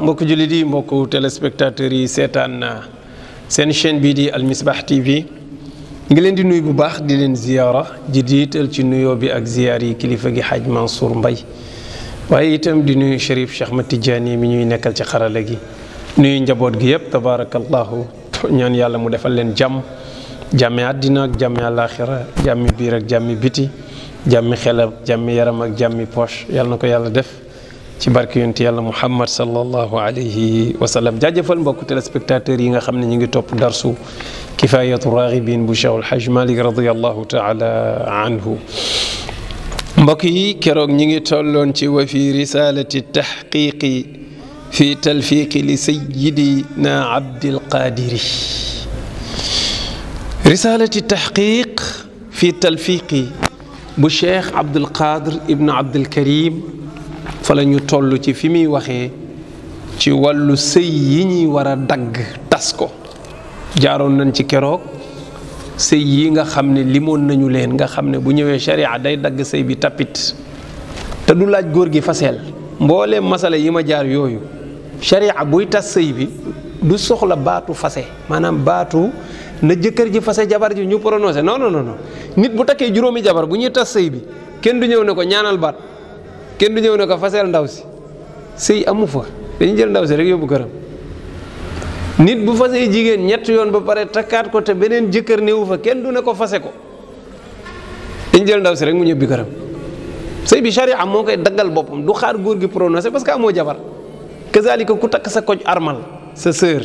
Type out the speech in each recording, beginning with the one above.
mbok julidi mbok téléspectateurs yi seetaan sen chaîne bi di almisbah tv ngi len di nuy bu bax di len ziyara di diital ci nuyo bi ak ziyaar yi kilifa gi xaj Mansour Mbay waye itam di nuy Chérif Cheikh Ahmed Tidiane mi ñuy nekkal ci xarala gi nuy njabot gi yeb tabarakallah ñaan yàlla mu defal len jam jami adina ak jami alakhirah jami bir ak jami biti jami xelab jami yaram ak jami poche yàlla nako yàlla def ci barke yonent yàlla muhammad sallallahu alayhi wa sallam jaajëfal mbokku téléspectateurs yi nga xam ne ñu ngi topp darsu kifayatu raghibin bu Cheikh El Hadj Malick radiyallahu taala anhu mbokk yi keroog ñi ngi tolloon ci wa fi risalati tahqiqi fi talfiqi li sayyidina Abdil Qadiri risalati tahqiq fi talfiqi bu Cheikh Abdul Qadir ibn Abdul Karim fa la ñu toll ci fi muy waxee ci wàllu sëy yi ñuy war a dagg tas ko jaaroon nañ ci keroog sëy yi nga xam ne limoon nañu leen nga xam ne bu ñëwee sharia day dagg sëy bi tapit te du laaj góor gi faseel mboole masala yi ma jaar yooyu sharia buy tas sëy bi du soxla baatu fase maanaam baatu na jëkkër ji fase jabar ji ñu prononcé non noonu nit bu takkee juróomi jabar bu ñuy tas sëy bi kenn du ñëw ne ko ñaanal baat kenn du ñëw ne ko faseel ndaw si sëy amu fa dañu jël ndaw si rek yóbbu këram nit bu fasee jigéen ñett yoon ba pare takkaat ko te beneen jëkkër néewu fa kenn du ne ko fase ko jël ndaw si rek mu ñëbbi këram sëy bi charia moo koy daggal boppam du xaar góor gi prononcé parce que amoo jabar kazalika ku takk sa koj armal sa sœur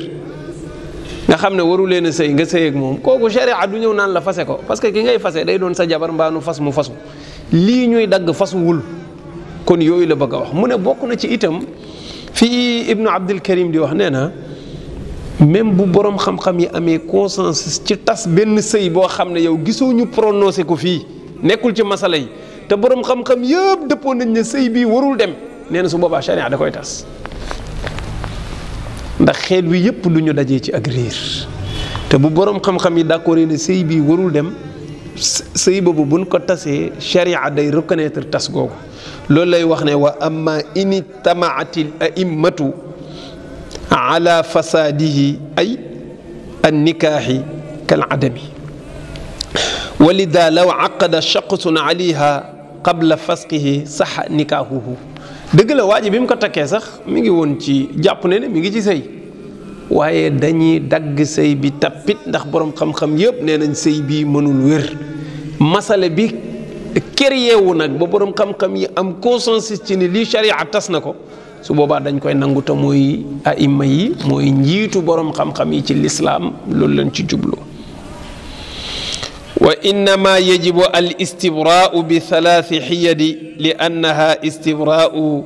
nga xam ne waru leen a sëy nga sëy ak moom kooku charia du ñëw naan la fase ko parce que ki ngay fase day doon sa jabar mbaa nu fas mu fasu lii ñuy dagg fasuwul kon yooyu la bëgg a wax mu ne bokk na ci itam fii ibnu abdul karim di wax nee na même bu borom xam-xam yi amee consensus ci tas benn sëy boo xam ne yow gisoo ñu prononcé ko fii nekkul ci masala yi te borom xam-xam yëpp dëppoon nañ ne sëy bii warul dem nee na su boobaa charia da koy tas ndax xeet wi yëpp lu ñu dajee ci ak te bu borom xam-xam yi d'accord ne sëy bii warul dem sëy boobu buñ ko tasee charia day reconnaître tas googu loolu lay wax ne wa amma ini tamaatil a'immatu ala fasaadihi ay an nikaaxi kal adami walida law aqada sax nikaahuhu dëgg la waa bi mu ko takkee sax mi ngi woon ci jàpp ne ne mi ngi ci sëy waaye dañuy dagg sëy bi tappit ndax boroom xam-xam yëpp nee nañ sëy bi mënul wér masale bi kër yeewu nag ba borom xam-xam yi am consensus ci ni lii sharia tas na ko su boobaa dañ koy nangu te mooy aima yi mooy njiitu borom xam-xam yi ci lislaam loolu lañ ci jublu wa innama yajibu al istibraau bi thalathi xiyadi li annaha istibraau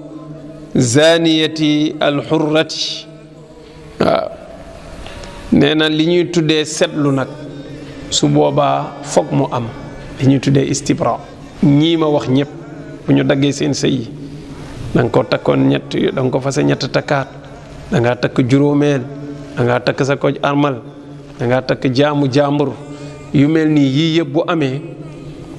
zaniyati al xurrati nee na li ñuy tuddee seetlu nag su boobaa foog mu am li ñuy tuddee istibra ñi ma wax ñep bu ñu daggé seen sey yi da nga ko takkoon ñett da nga ko ñet takkat da nga takk juromel da nga takk sa ko armal da nga takk jaamu jàmbur yu melni yi yeb bu amé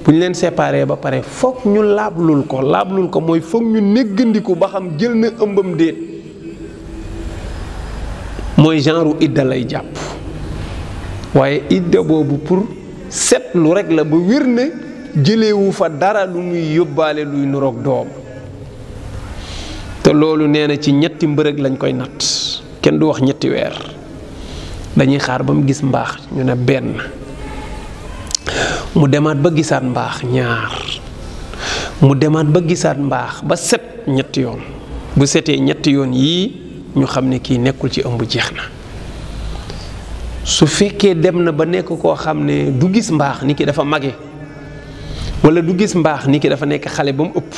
buñ leen séparé ba pare fokk ñu lablul ko lablul ko moy fokk ñu neggandiku ba xam jël na ëmbam déet moy genre idda lay japp waye idda bobu pour lu rek la ba wirne jëlewu fa dara lu muy yóbbaale luy nuroog doom te loolu nee na ci ñetti mbërëg lañ koy natt kenn du wax ñetti weer dañuy xaar ba mu gis mbaax ñu ne benn mu demaat ba gisaat mbaax ñaar mu demaat ba gisaat mbaax ba set ñetti yoon bu setee ñetti yoon yii ñu xam ne kii nekkul ci ëmb jeex na su fekkee dem na ba nekk koo xam ne du gis mbaax ni ki dafa mage wala du gis mbaax ni ki dafa nekk xale ba mu ëpp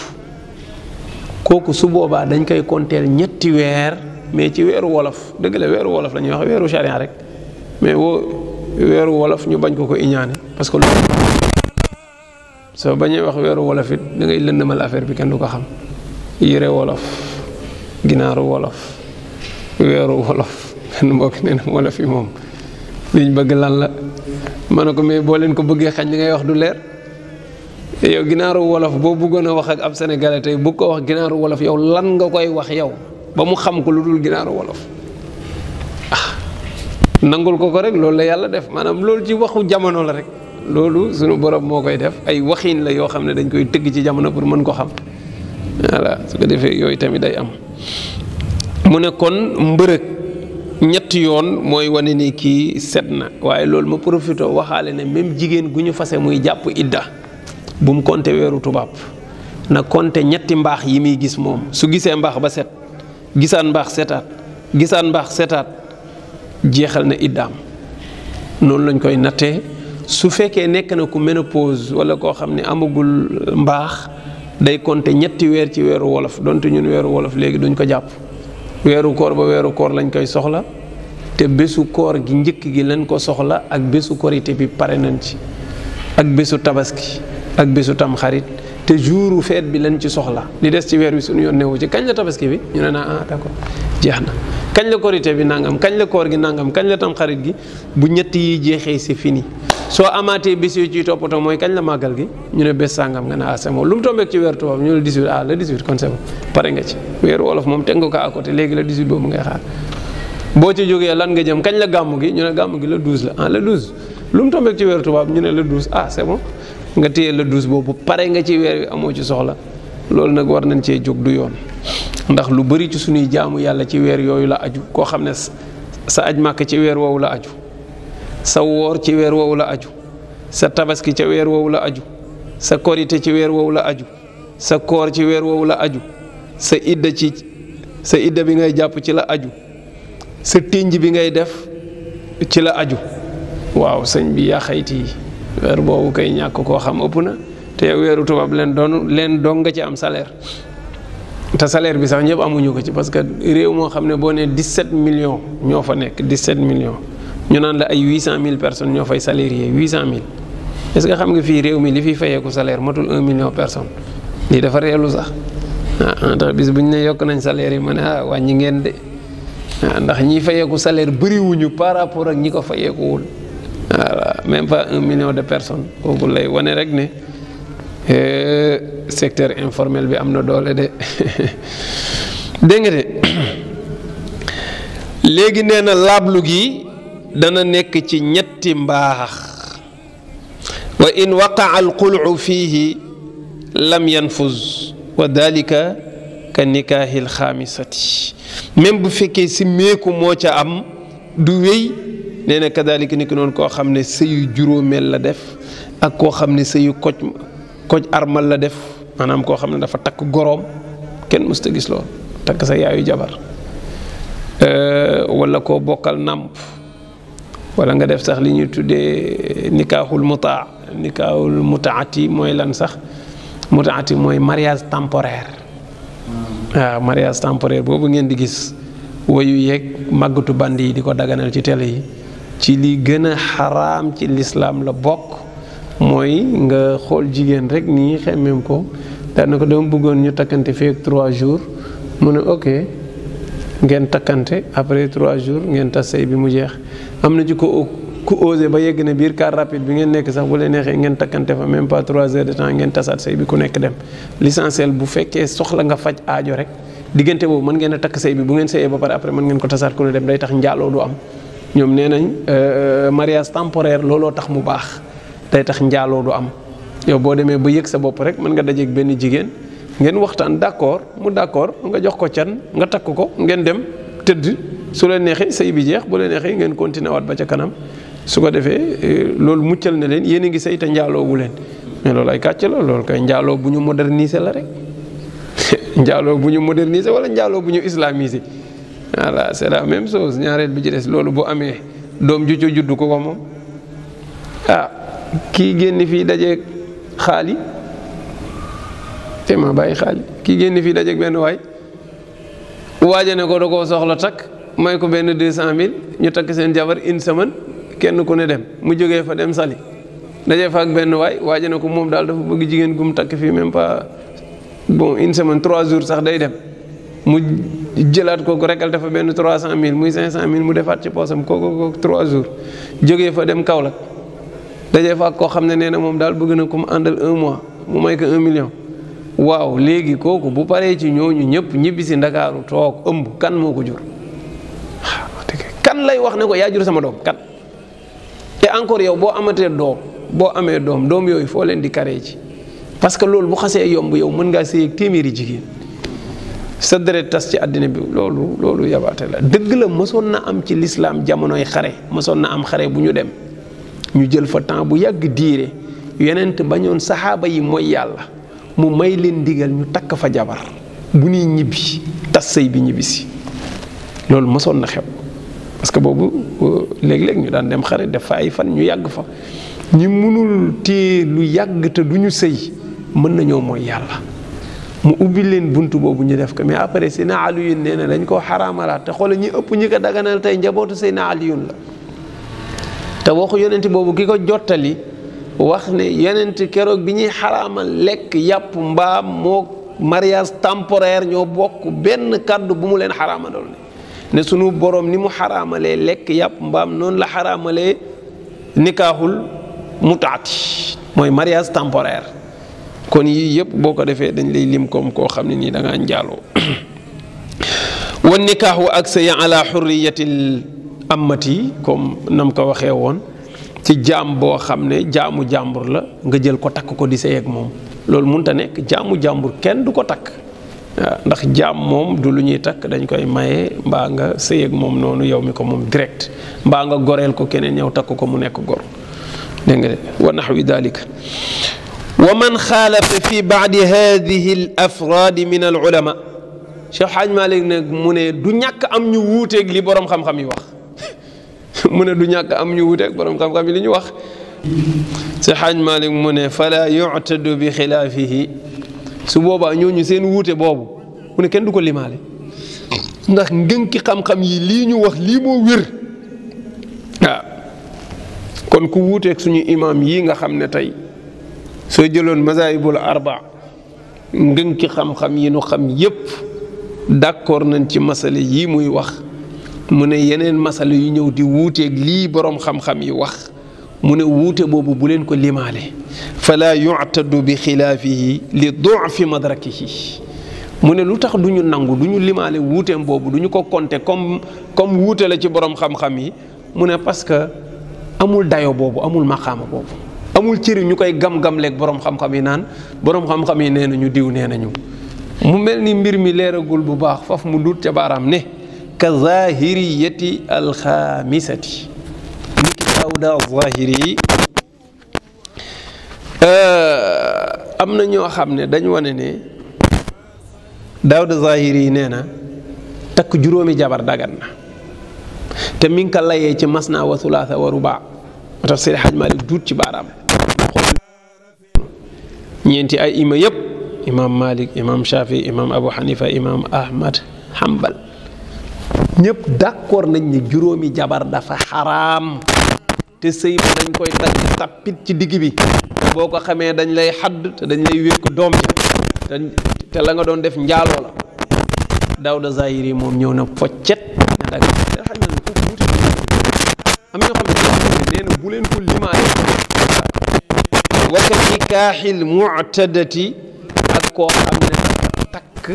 kooku su boobaa dañ koy konteel ñetti weer mais ci weeru wolof dëgg la weeru wolof la ñuy wax weeru charia rek mais woo weeru wolof ñu bañ ko ko iñaane parce que loolu soo bañee wax weeru wolof it da lëndëmal affaire bi kenn du ko xam yére wolof ginaaru wolof weeru wolof benn mbokk nee wolof yi moom liñ bëgg lan la ma ne ko mais boo leen ko bëggee xañ li ngay wax du leer yow ginaaru wolof boo bëggoon a wax ak ab sénégalais tey bu ko wax ginaaru wolof yow lan nga koy wax yow ba mu xam ko lu dul ginaaru wolof ah nangul ko ko rek loolu la yàlla def maanaam loolu ci waxu jamono la rek loolu sunu borom moo koy def ay waxiin la yoo xam ne dañ koy tëgg ci jamono pour mën ko xam voilà su ko defee yooyu tamit day am mu ne kon mbërëg ñetti yoon mooy wane ni kii set na waaye loolu ma profité waxaale ne même jigéen gu ñu fase muy jàpp idda bum mu weeru tubaab na konte ñetti mbaax yi muy gis moom su gisee mbaax ba set gisaan mbaax setaat gisaan mbaax setaat jeexal na iddaam noonu lañ koy nattee su fekkee nekk na ku ménopause wala koo xam ne amagul mbaax day konte ñetti weer ci weeru wolof donte ñun weeru wolof léegi duñ ko jàpp weeru koor ba weeru koor lañ koy soxla te bésu koor gi njëkk gi lañ ko soxla ak bésu korité bi pare nañ ci ak bésu tabaski ak bésu tam xarit te jouru feet bi lañ ci soxla li des ci weer wi suñu yoon newu ci kañ la tabaski bi ñu ne naa ah d'accord jeex na kañ la korité bi nangam kañ la koor gi nangam kañ la tam gi bu ñett yi jeexee c'est fini soo amaatee bis yu ciy toppatoo mooy kañ la màggal gi ñu ne bés sàngam nga ne ah c'est bon lu mu tombeek ñu ne 18 ah le 18 kon c'est bon pare nga ci ko à côté léegi la 18 boobu ngay xaar boo ci jógee lan nga jëm kañ la gàmm gi ñu ne gàmm gi le 12 la ah le 12 lu mu tombeek ci weer tubaab ñu ne le 12 ah c'est nga téye la douze boobu pare nga ci weer wi amoo ci soxla loolu nag war nañ cee jóg du yoon ndax lu bari ci suñuy jaamu yàlla ci weer yooyu la aju koo xam ne sa aj màkk ci weer woowu la aju sa woor ci weer woowu la aju sa tabaski ca weer woowu la aju sa korite ci weer woowu la aju sa koor ci weer woowu la aju sa idda ci sa idda bi ngay jàpp ci la aju sa tinj bi ngay def ci la aju waaw sëñ bi yaa xayti yi weer boobu kay ñàkk koo xam ëpp na te weeru tubaab leen doon leen doon nga ci am salaire te salaire bi sax ñëpp amuñu ko ci parce que réew moo xam ne boo nee 17 million ñoo fa nekk 17 million ñu naan la ay cent mille personne ñoo fay salarié 800000 est-ce que xam nga fii réew mi li fiy fayeeku salaire matul 1 million personne lii dafa reelu sax ah tax bis bu ñu ne yokk nañ salaire yi ma ne ah wàññi ngeen de ah ndax ñi fayeeku salaire bëriwuñu par rapport ak ñi ko fayeekuwul voilà même pas un million de personnes kooku lay wane rek ne euh, secteur informel bi am na doole de dégg de léegi nee na laablu gi dana nekk ci ñetti mbaax wa in waqaa alqulu fiihi lam yanfuz wa dalika ka nikaahi alxaamisati même bu fekkee si meeku moo ca am du wéy nee na kadaalika ni noonu koo xam ne sëyu juróomeel la def ak koo xam ne sëyu koj koj armal la def maanaam koo xam ne dafa takk goroom kenn mësta gis loolu takk sa yaayu jabar euh, walla koo bokkal nàmp wala nga def sax li ñuy tuddee nikaaxul mutaa nikaaxul mutaati mooy lan sax mutaati mooy mariage temporaire waaw mariage temporaire boobu ngeen di gis woyu yeeg màggatu band yi di ko daganal ci télé yi ci li gëna haram ci l'islam la bok moy nga xol jigen rek ni xemem ko dana ko dama bëggoon ñu takanté fii ak trois jours mu ne oké ngeen takanté après 3 jours ngeen tas bi mu jeex amna ci ko ku osé ba yegg ne bir car rapide bi ngeen nek sax bu le nexé ngeen takanté fa même pas 3 heures de temps ngeen tassat sey bi ku nek dem l'essentiel bu fekkee soxla nga faj aajo rek digënté boobu mën ngeen tak sey bi bu ngeen sey ba paré après mën ngeen ko tassat ku ne dem day tax njaaloo du am ñom nenañ euh, euh mariage temporaire lolo tax mu bax tay tax ndialo du am yow bo démé ba yek sa bop rek man nga dajé benn jigéen ngeen waxtaan d' mu d'accord nga jox ko cyan nga takko ko ngén dem teud su leen nexé sey bi jeex bu leen nexé ngén continuer wat ba ca kanam su ko défé euh, loolu muccel na len yéne ngi sey ta ndialo wu len mais loolu ay katch la loolu kay ndialo buñu moderniser la rek ndialo buñu moderniser wala ndialo buñu islamiser voilà c'est la même chose ñaareel bi ci des loolu bu amee doom ju juddu ko ko moom ah kii génn fii dajeeg xaali te ma bàyyi xaali kii génn fii dajeeg benn waay waaja ne ko da koo soxla takk may ko benn deux cent mille ñu takk seen jabar une semaine kenn ku ne dem mu jógee fa dem sali dajee fa ak benn waay waaja ne ko moom daal dafa bëgg jigéen gu mu takk fii même pa bon une semaine trois jours sax day dem mu jëlaat kooku rekkal dafa benn trois cent mille muy cinq cent mille mu defaat ci poosam kooku kooku trois jours jógee fa dem Kaolack dajee fa ak koo xam ne nee na moom daal bëgg na ku mu àndal un mois mu may ko un million waaw léegi kooku bu paree ci ñooñu ñëpp ñibbisi si ndakaaru toog ëmb kan moo ko jur kan lay wax ne ko yaa jur sama doom kan te encore yow boo amatee doom boo amee doom doom yooyu foo leen di karee ci parce que loolu bu xasee yomb yow mën ngaa séy ak téeméeri jigéen sa deret tas ci àddina bi loolu loolu yabaate la dëgg la mosoon na am ci lislaam jamonoy xare mësoon na am xare bu ñu dem ñu jël fa temps bu yàgg diire yonent bañoon saxaaba yi mooy yàlla mu may leen ndigal ñu takk fa jabar bu ñuy ñibbi tas sëy bi ñibbisi loolu mësoon na xew parce que boobu euh, léeg-léeg ñu daan dem xare def fan ñu yàgg fa ñi mënul téye lu yàgg te du ñu sëy mën nañoo mooy yàlla mu ubbi leen bunt boobu ñu def ko mais après Seydina Aliyun nee na dañ koo xaraamalaat te xoolal ñi ëpp ñi ko daganal tey njabootu Seydina Aliyun la te waxu yonent boobu ki ko jottali wax ne yonent keroog bi ñuy xaraamal lekk yàpp mbaam moo mariage temporaire ñoo bokk benn kàddu bu mu leen xaraamaloon ne sunu borom ni mu xaraamalee lekk yàpp mbaam noonu la xaraamalee nikaaxul mutaati mooy mariage temporaire kon yii yëpp boo ko defee dañ lay lim comme koo xam ne nii da ngaa njaaloo wan nikaaxu ak sëy ala xurriyatil amati comme nam ko waxee woon ci jaam boo xam ne jaamu jàmbur la nga jël ko takk ko di sëy ak moom loolu mënta nekk jaamu jàmbur kenn du ko takk waaw ndax jaam moom du lu ñuy takk dañ koy maye mbaa nga sëy ak moom noonu yow mi ko moom direct mbaa nga goreel ko keneen ñëw takk ko mu nekk gor dégg de wa naxwi dalika ومن خالف في بعد هذه الافراد من العلماء شيخ حاج مالك مونے دو نياك ام ني ووتيك لي بوروم خام خام واخ مونے دو نياك ام ني ووتيك بوروم خام خامي لي ني واخ شيخ حاج مالك مونے فلا يعتد بخلافه سو بوبا ньо ني سين ووتي بوبو مونے كين دوكو لي ndax ngeenki xam xam yi li ñu wax li mo wër kon ku wuté ak suñu imam yi nga xam tay soo jëloon mazaayibul arba ngën ci xam-xam yi nu xam yépp d'accord nañ ci masale yi muy wax mu ne yeneen masale yu ñëw di wuuteeg lii boroom xam-xam yi wax mu ne wuute boobu bu leen ko limaale fala yu'tadu bi xilaafihi li du'fi madrakihi mu ne lu tax du ñu nangu du ñu limaale wuuteem boobu duñu ko compter comme comme wuute la ci boroom xam-xam yi mu ne parce que amul dayo boobu amul maqaama boobu amul cëri ñu koy gam-gam leeg boroom xam-xam yi naan boroom xam-xam yi nee nañu diw nee nañu mu mel ni mbir mi leeragul bu baax faf mu duut ca baaraam ne ka zahiriyati alxaamisati ni ki daawuda zahiri yi euh, am na ñoo xam ne dañ wane ne daawuda zahiri yi nee na takk juróomi jabar dagan na te mi ngi layee ci mas naa wa sulaasa wa rubaa moo tax Seydi Hajj Maalik duut ci baaraam ñeenti ay ima yëpp imaam Malik imaam Shafi imaam Abu Hanifa imaam Ahmad Hanbal ñëpp d'accord nañ ni juróomi jabar dafa xaraam te sëy dañ koy dagg tappit ci digg bi boo ko xamee dañ lay xadd te dañ lay wékk doom te te la nga doon def njaaloo la Daawda Zahiri moom ñëw na foccet ne dagg bu leen ko limaale waka nikaaxil mu'tadati ak koo xam ne dafa takk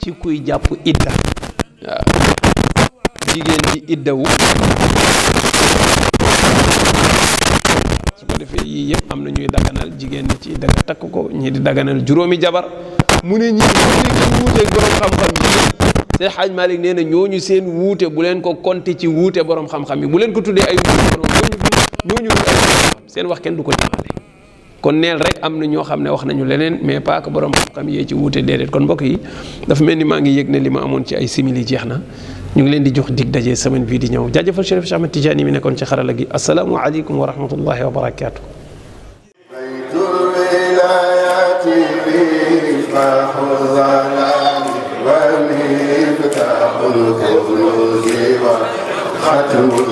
ci kuy jàpp idda waaw jigéen di iddawu su ko defee yii yëpp am na ñuy daganal jigéen ñi ci daga takk ko ñii di daganal juróomi jabar mu ne ñii ñu wuuteeg borom xam-xam yi Seydi Xaaj Malik nee na ñooñu seen wuute bu leen ko conti ci wuute boroom xam-xam yi bu leen ko tuddee ay wuute borom seen wax kenn du ko jàmmale kon neel rek am na ñoo xam ne wax nañu leneen mais pas que borom xam yee ci wuute déedéet kon mbokk yi dafa mel ni maa ngi yëg ne li ma amoon ci ay simili jeex na ñu ngi leen di jox dig daje semaine bii di ñëw jaajëfal Chérif Cheikh Ahmed Tidiane mi nekkoon ci xarala gi asalaamualeykum wa rahmatullahi wa barakaatu. ختم